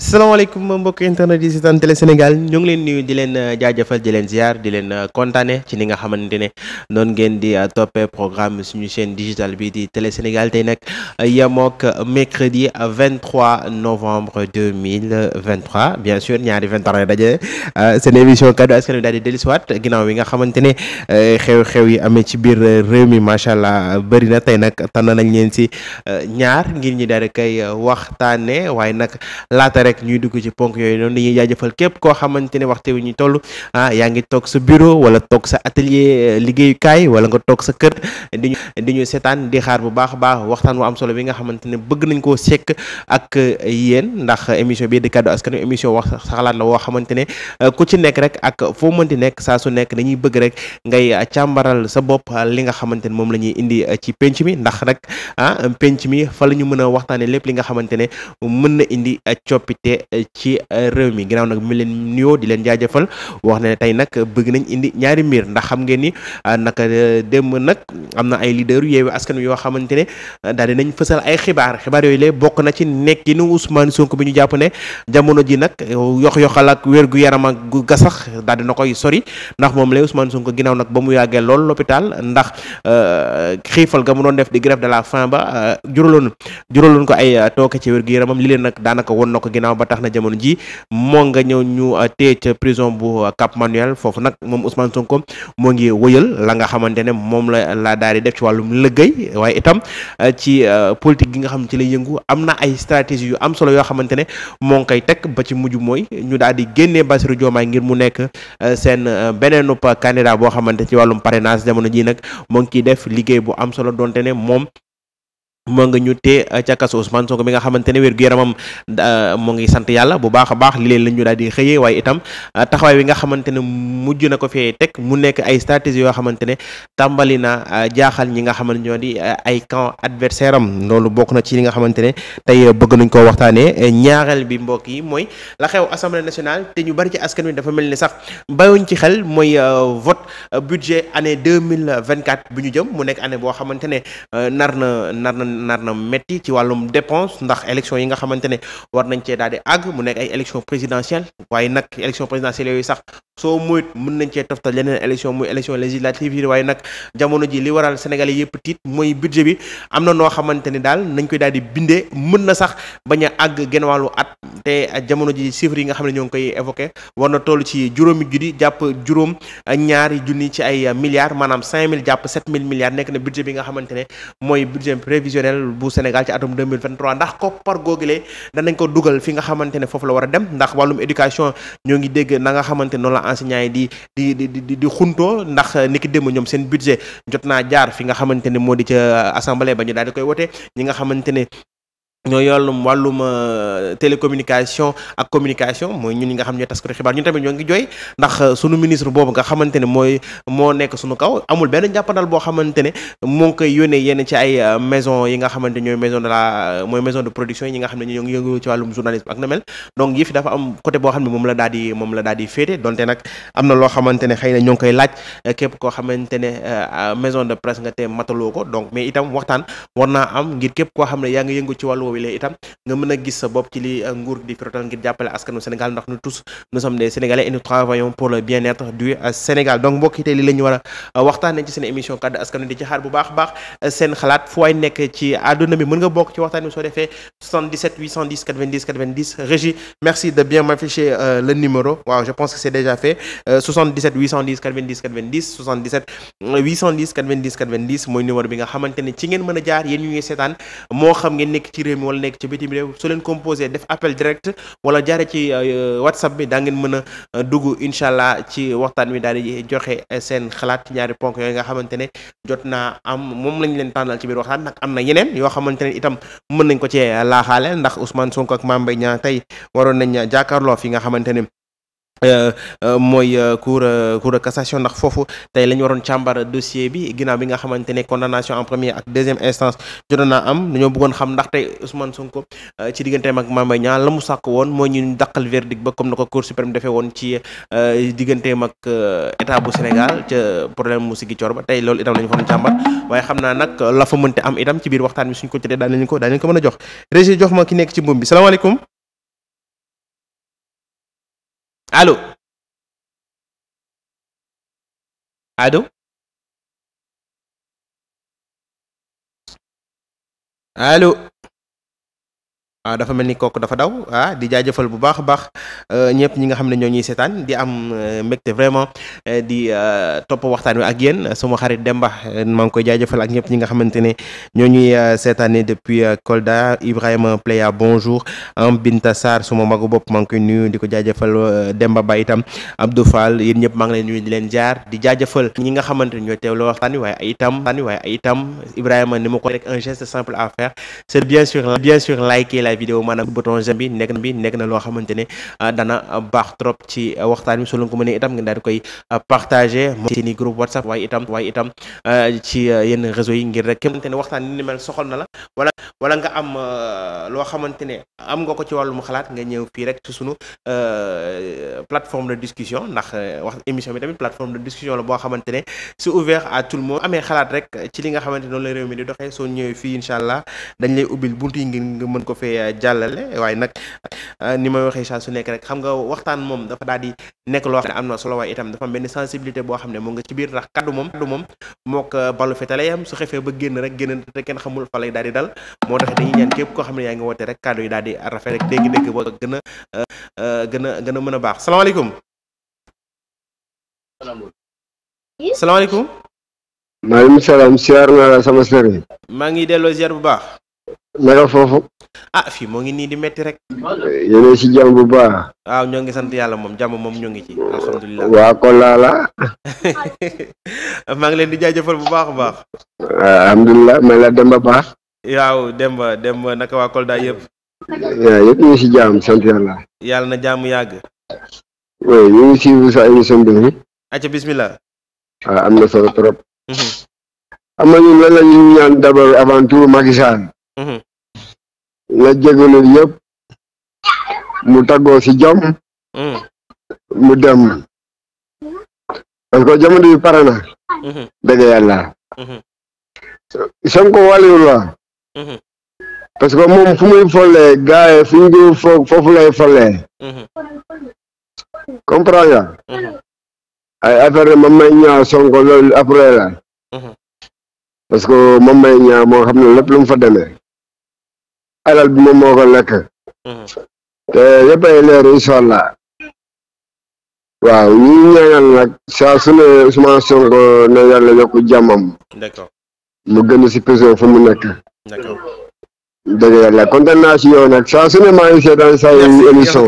salaamaaleykum mbokk internet yi si tan télé Sénégal ñu ngi leen nuyu di leen euh, jaajëfal di leen ziar di leen euh, kontaane ci ni nga xamante ne noonu ngeen di euh, toppee programme suñu chaîne digitale bi di télé Sénégal tey nag yemook mercredi 23 novembre 2023 bien sûr ñaari 23 daje seen émission kaddu askan wi daal di ginnaaw yi nga xamante ne xew-xew yi amee ci biir réew mi macha allah bëri na tey nag tànn nañ leen si ñaar ngir ñi daal kay koy waxtaane waaye nag laata rek ñuy dugg ci ponk yooyu noonu dañuy jaajëfal képp koo xamante ne waxtu wi ñu toll ah, yaa ngi toog sa bureau wala toog sa atelier euh, liggéeyukaay wala nga toog sa kër di ñu di ñu seetaan di xaar bu baax a baax waxtaan wu am solo bi nga xamante ne bëgg nañ koo sekk ak euh, yéen ndax émission bi di kaddu askan émission wax sa xalaat la woo xamante ne euh, ku ci nekk rek ak foo mënti nekk saa su nekk dañuy bëgg rek ngay càmbaral sa bopp li nga xamante ne moom la ñuy indi ci penc mi ndax rek ah penc mi fa la ñu mën a waxtaanee lépp li nga xamante ne mën na indi coppite eh, ci eh, réew mi ginnaaw nag mi leen nuyoo di leen jaajëfal wax ne tey nag bëgg nañ indi ñaari miir ndax xam ngeen ni ah, naka eh, démb nag am na ay leader yu askan yoo xamante ne daal dinañ fësal ay xibaar xibaar yooyu lee bokk na ci nekkinu Ousmane Sonko bi ñu jàpp ne jamono ji nag yox-yoxal ak wér gu yaram ak gu gasax daal na koy sori ndax moom lay Ousmane Sonko ginnaaw nag ba mu yàggee lool l'hôpital ndax xiifal ga mu doon def di grève de la faim ba juraloon juraloon naaw ba tax na jamono ji moo nga ñëw ñu uh, téye ca prison bu uh, Cap Manuel foofu nag moom Ousmane Sonko moo ngi wëyal la nga xamante ne moom la laa daal di def ci wàllum liggéey waaye itam uh, ci politique gi nga xam ne ci lay yëngu am na ay stratégie yu am solo yoo xamante ne moo ngi koy teg ba ci mujj mooy ñu daal di génnee Bassirou Diomaye ngir mu nekk seen beneen candidat boo xamante ci wàllum parrainage jamono ji nag moo ngi ciy def liggéey bu am solo donte moo nga ñu tee eh, ca kaso Ousmane Sonko mi nga xamante ne wér gu yaramam eh, mu ngi sant yàlla bu baax a baax li leen la ñu daal di xëyee waaye itam eh, taxawaay bi nga xamante ne mujj na ko fee teg mu nekk ay stratégie yoo xamante ne tàmbali na jaaxal ñi nga xamante ñoo di ay camp adversaire am loolu bokk na ci li nga xamante ne tey bëgg nañ koo waxtaanee ñaareel bi mbokk yi mooy la xew assemblée nationale te ñu bari ci askan wi dafa mel ni sax bayuñ ci xel mooy vote budget année deux mille vingt quatre bu ñu jëm mu nekk année boo xamante ne nar na nar na métti ci wàllum dépense ndax élection yi nga xamante ne war nañ àgg mu nekk ay élection présidentielle waaye nag élection présidentielle yooyu sax soo muyut mën nañ cee toftal leneen élection muy élection législative yi waaye nag jamono ji li waral Sénégalais yëpp tiit mooy budget bi am na noo xamante daal nañ koy daal bindee mën na sax bañ a àgg genn wàllu at te jamono ji chiffres yi nga xam ne ñoo ngi koy évoqué war na toll ci juróomi institutionnel bu Sénégal ci atum 2023 ndax koppar googule danañ ko dugal fi nga xamante ne foofu la war a dem ndax wàllum éducation ñoo ngi dégg na nga xamante noonu la enseignant yi di di di di xuntoo ndax eh, niki démb ñoom seen budget jot naa jaar fi nga xamante ne moo di ca eh, assemblée ba ñu daal di koy wote ñi nga xamante ne ñoo yollum wàllum euh, télécommunication ak communication mooy ñun ñi nga xam ne taskatu xibaar ñun tamit ñoo ngi jooy ndax euh, sunu ministre boobu nga xamante ne mooy moo nekk sunu kaw amul benn njàppandal boo xamante ne moo ngi koy yónnee yenn ci ay euh, yi nga xamante ñooy maison de la mooy maison de production yi nga xam ne ñoo ngi yëngu ci wàllum journalisme ak na mel moom la daal di féete donte nag am na loo xamante ne xay na ñoo ngi koy laaj képp koo xamante ne maison de presse nga te mataloo ko donc mais itam waxtaan war naa am ngir képp koo xam yaa ngi yëngu ci wàllu woowilee itam nga mën a gis sa bopp ci li euh, nguur di firotal ngir jàppale askanu Sénégal ndax nous tous nous sommes des et nous travaillons pour le bien-être du euh, Sénégal donc mbokk li la ñu war a euh, ci seen émission kàddu askan di ci xaar bu baax baax seen xalaat fu waay nekk ci àdduna bi mën nga bokk ci waxtaan bi soo defee 77 810 90 90 Régie merci de bien m'afficher le numéro waaw je pense que c'est déjà fait 77 mi wala nekk ci bitim réew soo leen composé def appel direct wala jaare ci euh, euh, whatsapp bi daa ngeen mën a euh, dugg incha allah ci waxtaan wi daal di joxe seen xalaat ci ñaari ponk yooyu nga xamante ne jot na am moom lañ leen tànnal ci biir waxtaan nag am na yeneen yoo xamante ne itam mën nañ ko ci laaxaale ndax Ousmane Sonko ak Mame Mbaye Niang tey waroon nañ jàkkaarloo fi nga xamante ne Euh, euh, mooy euh, cour cour de cassation ndax foofu tey la ñu waroon càmbar dossier bi ginnaaw bi nga xamante ne condamnation en première ak deuxième instance jotoon naa am dañoo bëggoon xam ndax tey Ousmane Sonko ci digganteem ak Mame Mbaye Niang la mu sàkk woon mooy ñu dàqal verdict ba comme na ko cour defee woon ci digganteem ak état bu Sénégal ca problème mu Ziguinchor ba tey loolu itam la waroon càmbar waaye xam na nag la fa mënte am itam ci biir waxtaan bi suñ ko jotee daan nañu ko daan nañu ko mën a jox Régis jox ma ki nekk ci mbuum bi salaamaaleykum allo allo allo ah dafa mel ni kooku dafa daw ah di jaajëfal bu baax a baax euh, ñëpp ñi nga xam ne ñoo ñuy seetaan di am euh, mbégte vraiment euh, di topp waxtaan wi ak yéen suma xarit Demba maa ngi koy jaajëfal ak ñëpp ñi nga xamante ne ñoo ñuy seetaane depuis Kolda Ibrahima Pleya bonjour am Binta Sarr suma magu bopp maa ngi koy nuyu di ko jaajëfal Demba Ba itam Abdou Fall yéen ñëpp maa ngi leen nuyu di leen jaar di jaajëfal ñi nga xamante ne ñooy teewloo waxtaan wi waaye ay itam waaye ay itam Ibrahima ni ma ko rek un geste simple à faire c'est bien sûr bien sûr liker vidéo maanaam bouton j'aime bi nekk na bi nekk na loo xamante ne ah, dana baax trop ci waxtaan bi soo leen ko mënee itam nga daal di koy ah, partager moom seeni groupe whatsapp waaye itam waaye itam ah, ci yenn réseau yi ngir rek kémante ne waxtaan ni mel soxal na la wala wala nga am loo xamante ne am nga ko ci wàllum xalaat nga ñëw fii rek ci sunu plateforme de discussion ndax wax émission bi tamit plateforme de discussion la boo xamante ne c'est ouvert à tout le monde amee xalaat rek ci li nga xamante la jàllale waaye nag euh, ni may waxee saa su nekk rek xam nga waxtaan moom dafa daal di nekk loo xam ne am na solo waaye itam dafa mel ni sensibilité boo xam ne mu nga ci biir ndax kaddu moom kaddu moom mook euh, balu fetale yam su xefee ba génn rek génn te kenn xamul fa lay daal di dal moo tax dañuy ñaan képp koo xam ne yaa ngi woote rek kaddu yi daal di rafet rek dégg-dégg ba gën a euh, gën a mën a baax salaamaaleykum salaamaaleykum maaleykum salaam la sama sëriñ maa ngi delloo ziar bu baax naka foofu. ah fii moo ngi nii di metti rek. yéen ci jàmm bu baax. waaw ñoo ngi sant yàlla moom jàmm moom ñoo ngi ci. alhamdulilah waa Kolda la. maa ngi leen di jaajëfal bu baax a baax. Ah, alhamdulilah may la dem ba baax. dem Demba Demba naka waa Kolda yëpp. waaw yëpp ñu ngi ci jàmm sant yàlla. yàlla na jàmm yàgg. oui ñu ngi suivre sa émission bi. acca bismillah. waaw ah, am na solo trop. Mhm. am na ñun lan la ñaan d'abord avant tout Macky la jégalul yëpp mu tàggoo si jàmm mm. mu dem parce que jamono bi pare na mm-hmm. dëgg mm-hmm. Sonko wàlliwul la mm-hmm. parce que moom fu muy folle gars yi fi ñu ko foog foofu comprendre ay affaire mam may ñaa Sonko loolu après la parce que mam may ñaa moo xam ne lépp lu mu fa demee alal bi moom moo ko lekk mm-hmm. te yëpp ay leer incha allah waaw ñu ñaanal nag saa su ne Ousmane Sonko ne yàlla yokk jàmmam mu gën si prison fu mu nekk dëgg yàlla kontaan naa si yow nag saa su ne maa ngi seetaan say émission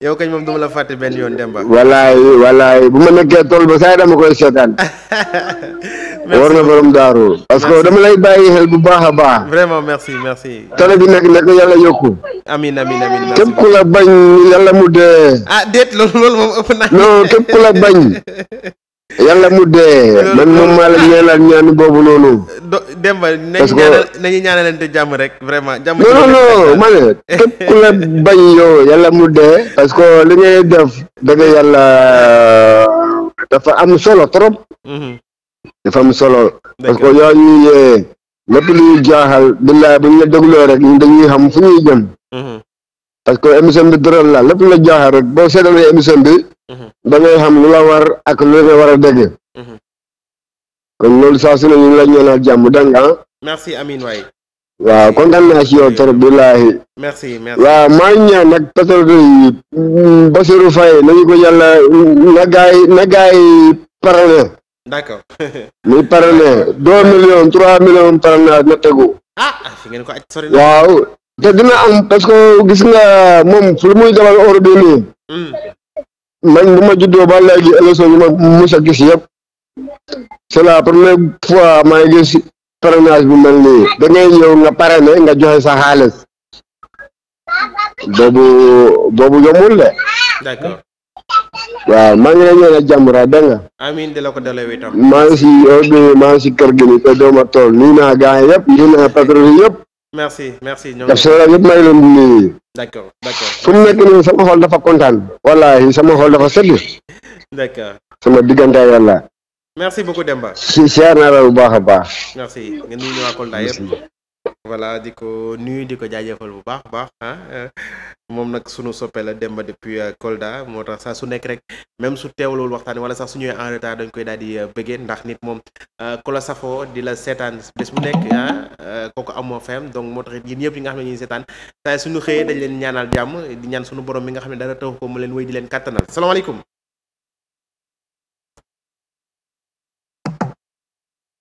yow kañ moom du ma la fàtte benn yoon Demba. walaay walaay bu ma nekkee tool ba saa dama war na borom daaru parce que dama lay bàyyi xel bu baax a baax. vraiment merci merci. tale bi nag nag yàlla yokk amiin amiin amiin. képp ku la bañ yàlla mu dee. ah déet loolu loolu moom bañ. yàlla mu dee man moom maa la ñaanal ñaanu boobu noonu. do Demba nañu ñaanal nañu jàmm rek vraiment. jàmm non non képp ku la bañ yow yàlla mu dee. parce que li ngay def da yàlla dafa am solo trop. Mm-hmm. dafa am solo parce que yoon ñuy yee eh, lépp lu ñu jaaxal billaay bu ñu la dégloo rek ñun dañuy xam fu ñuy jëm mm-hmm. parce que émission bi dërël la lépp la jaaxal rek boo seetalee émission bi mm-hmm. da ngay xam lu la war ak lu la war a dégg mm-hmm. kon loolu saa su ne ñu la ñaanal jàmm dégg nga merci Amin naa ci yow trop billaahi waaw maa ngi ñaan nag pétrole yi Bassirou Faye nañu ko yàlla na gaay na gaay parale d'accord. muy parrainer deux millions trois millions parrainage na tegu. Ah, ah, ngeen ko aj sori na. waaw te dina am parce que gis nga moom fu muy defal or bi nii. Mm. man bu ma juddoo ba léegi élection yi ma mus gis yëpp c'est la première fois may gis parrainage bu man nii da ngay ñëw nga parrainer nga joxe sa xaalis boobu boobu yombul de. waaw maa ngi lay ñaanal jàmm a dégg ko dalawee tam. maa ngi si maa ngi si kër gi nii te a tool nuyu naa gars yi yëpp nuyu naa patron yi yëpp. merci merci ñoom. yëpp maa ngi leen di fu mu nekk nii sama xol dafa kontaan. wallaahi sama xool dafa sedd. d'accord sama diggante yàlla. merci beaucoup Demba. si siyaar naa bu baax a baax. merci nga nuyu ñu waa di ko nuyu di ko jaajëfal bu baax a baax ah. ah. moom nag sunu soppe la Demba depuis euh, Kolda moo tax saa su nekk rek même su teewlul waxtaan wala sax su ñëwee dañ koy daal di euh, bëggee ndax nit moom euh, ku la safoo di la seetaan bés bu nekk ah, koo ko amoo fem donc moo taxit yéen ñëpp yi nga xam ne ñuy seetaan saa suñu xëyee dañ leen ñaanal jàmm di ñaan suñu borom mi nga xam ne dara taw ko mu leen wéy di leen kàttanal salaamaaleykum.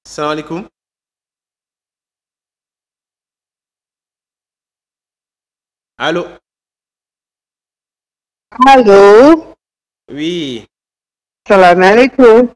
salaamaaleykum. allo. allo. oui. salaamaaleykum.